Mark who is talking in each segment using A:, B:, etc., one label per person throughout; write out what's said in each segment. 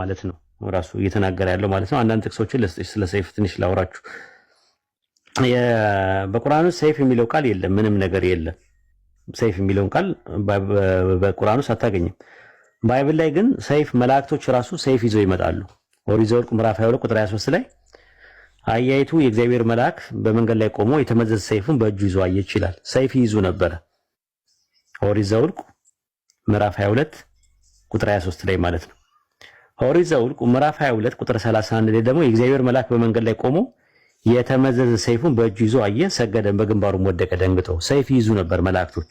A: ማለት ነው ራሱ እየተናገረ ያለው ማለት ነው። አንዳንድ ጥቅሶችን ስለ ሰይፍ ትንሽ ላውራችሁ። በቁርአን ውስጥ ሰይፍ የሚለው ቃል የለም፣ ምንም ነገር የለም። ሰይፍ የሚለውን ቃል በቁርአን ውስጥ አታገኝም። ባይብል ላይ ግን ሰይፍ መላእክቶች ራሱ ሰይፍ ይዘው ይመጣሉ። ኦሪት ዘኍልቍ ምዕራፍ 22 ቁጥር 23 ላይ አያይቱ የእግዚአብሔር መልአክ በመንገድ ላይ ቆሞ የተመዘዘ ሰይፍን በእጁ ይዞ አየች ይላል። ሰይፍ ይዙ ነበረ። ኦሪት ዘኍልቍ ምዕራፍ 22 ቁጥር 23 ላይ ማለት ነው። ኦሪት ዘኍልቍ ምዕራፍ 22 ቁጥር 31 ላይ ደግሞ የእግዚአብሔር መልአክ በመንገድ ላይ ቆሞ የተመዘዘ ሰይፉን በእጁ ይዞ አየ፣ ሰገደ፣ በግንባሩም ወደቀ። ደንግጦ ሰይፍ ይዙ ነበር መላእክቶች።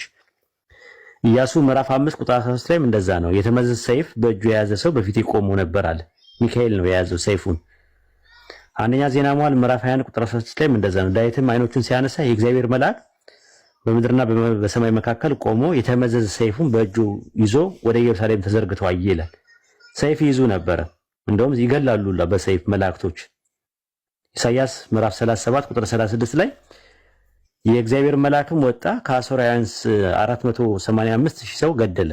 A: ኢያሱ ምዕራፍ 5 ቁጥር 13 ላይም እንደዛ ነው። የተመዘዘ ሰይፍ በእጁ የያዘ ሰው በፊት ቆሞ ነበር አለ። ሚካኤል ነው የያዘው ሰይፉን። አንደኛ ዜና መዋዕል ምዕራፍ 21 ቁጥር 13 ላይም እንደዛ ነው። ዳዊትም አይኖቹን ሲያነሳ የእግዚአብሔር መልአክ በምድርና በሰማይ መካከል ቆሞ የተመዘዘ ሰይፉን በእጁ ይዞ ወደ ኢየሩሳሌም ተዘርግቶ አየ ይላል። ሰይፍ ይዙ ነበረ። እንደውም ይገላሉላ በሰይፍ መላእክቶች። ኢሳይያስ ምዕራፍ 37 ቁጥር 36 ላይ የእግዚአብሔር መልአክም ወጣ ከአሶራውያን 485 ሺህ ሰው ገደለ።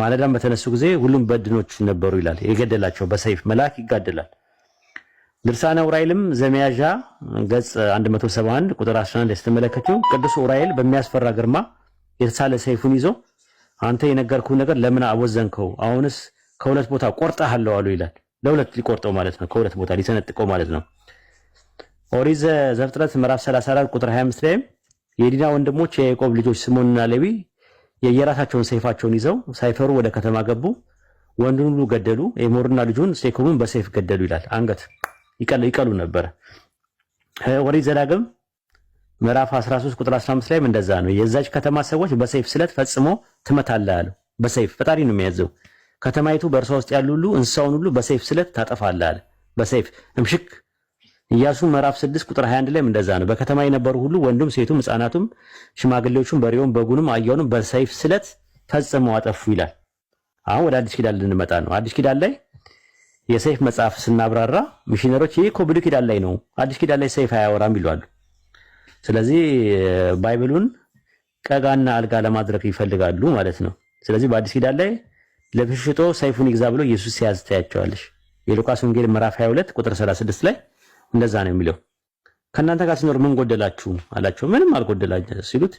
A: ማለዳም በተነሱ ጊዜ ሁሉም በድኖች ነበሩ ይላል። የገደላቸው በሰይፍ መልአክ ይጋደላል። ድርሳነ ዑራኤልም ዘመያዣ ገጽ 171 ቁጥር 11 ስትመለከቱ ቅዱስ ዑራኤል በሚያስፈራ ግርማ የተሳለ ሰይፉን ይዞ አንተ የነገርኩ ነገር ለምን አወዘንከው? አሁንስ ከሁለት ቦታ ቆርጠሃለሁ አሉ ይላል። ለሁለት ሊቆርጠው ማለት ነው። ከሁለት ቦታ ሊሰነጥቀው ማለት ነው። ኦሪዘ ዘፍጥረት ምዕራፍ 34 ቁጥር 25 ላይም የዲና ወንድሞች የያዕቆብ ልጆች ስምዖንና ሌዊ የየራሳቸውን ሰይፋቸውን ይዘው ሳይፈሩ ወደ ከተማ ገቡ፣ ወንዱን ሁሉ ገደሉ፣ ኤሞርና ልጁን ሴኮምን በሰይፍ ገደሉ ይላል። አንገት ይቀሉ ነበር። ኦሪት ዘዳግም ምዕራፍ 13 ቁጥር 15 ላይም እንደዛ ነው። የዛች ከተማ ሰዎች በሰይፍ ስለት ፈጽሞ ትመታለህ አለው። በሰይፍ ፈጣሪ ነው የሚያዘው ከተማይቱ በእርሷ ውስጥ ያሉ ሁሉ እንስሳውን ሁሉ በሰይፍ ስለት ታጠፋለህ አለ። በሰይፍ እምሽክ ኢያሱ ምዕራፍ 6 ቁጥር 21 ላይም እንደዛ ነው። በከተማ የነበሩ ሁሉ ወንዱም፣ ሴቱም፣ ሕፃናቱም፣ ሽማግሌዎቹም፣ በሬውም፣ በጉንም፣ አህያውንም በሰይፍ ስለት ፈጽመው አጠፉ ይላል። አሁን ወደ አዲስ ኪዳን ልንመጣ ነው። አዲስ ኪዳን ላይ የሰይፍ መጽሐፍ ስናብራራ ሚሽነሮች ይሄ እኮ ብሉይ ኪዳን ላይ ነው፣ አዲስ ኪዳን ላይ ሰይፍ አያወራም ይሏሉ። ስለዚህ ባይብሉን ቀጋና አልጋ ለማድረግ ይፈልጋሉ ማለት ነው። ስለዚህ በአዲስ ኪዳን ላይ ለብሽሽጦ ሰይፉን ይግዛ ብሎ ኢየሱስ ሲያዝ ታያቸዋለሽ። የሉቃስ ወንጌል ምዕራፍ 22 ቁጥር 36 ላይ እንደዛ ነው የሚለው። ከእናንተ ጋር ሲኖር ምን ጎደላችሁ አላቸው። ምንም አልጎደላችሁ ሲሉት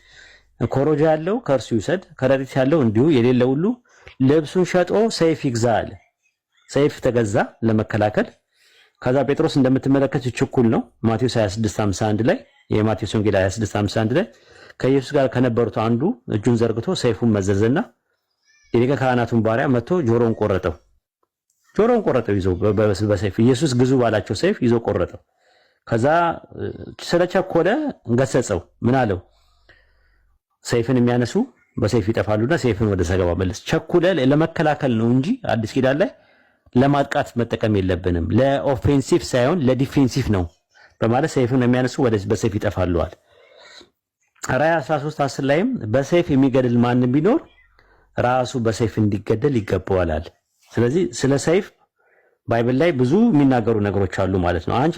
A: ኮሮጆ ያለው ከእርሱ ይውሰድ፣ ከረጢት ያለው እንዲሁ፣ የሌለ ሁሉ ልብሱን ሸጦ ሰይፍ ይግዛ አለ። ሰይፍ ተገዛ ለመከላከል። ከዛ ጴጥሮስ እንደምትመለከት ችኩል ነው። ማቴዎስ 26:51 ላይ የማቴዎስ ወንጌል 26:51 ላይ ከኢየሱስ ጋር ከነበሩት አንዱ እጁን ዘርግቶ ሰይፉን መዘዘና የሊቀ ካህናቱን ባሪያ መጥቶ ጆሮን ቆረጠው። ጆሮን ቆረጠው ይዞ በሰይፍ ኢየሱስ ግዙ ባላቸው ሰይፍ ይዞ ቆረጠው። ከዛ ስለቸኮለ ገሰጸው። ምን አለው? ሰይፍን የሚያነሱ በሰይፍ ይጠፋሉና ሰይፍን ወደ ሰገባ መልስ። ቸኩለ ለመከላከል ነው እንጂ አዲስ ኪዳን ላይ ለማጥቃት መጠቀም የለብንም። ለኦፌንሲቭ ሳይሆን ለዲፌንሲቭ ነው በማለት ሰይፍን የሚያነሱ በሰይፍ ይጠፋሉዋል። ራእይ 13 10 ላይም በሰይፍ የሚገድል ማንም ቢኖር ራሱ በሰይፍ እንዲገደል ይገባዋላል። ስለዚህ ስለ ሰይፍ ባይብል ላይ ብዙ የሚናገሩ ነገሮች አሉ ማለት ነው። አንቺ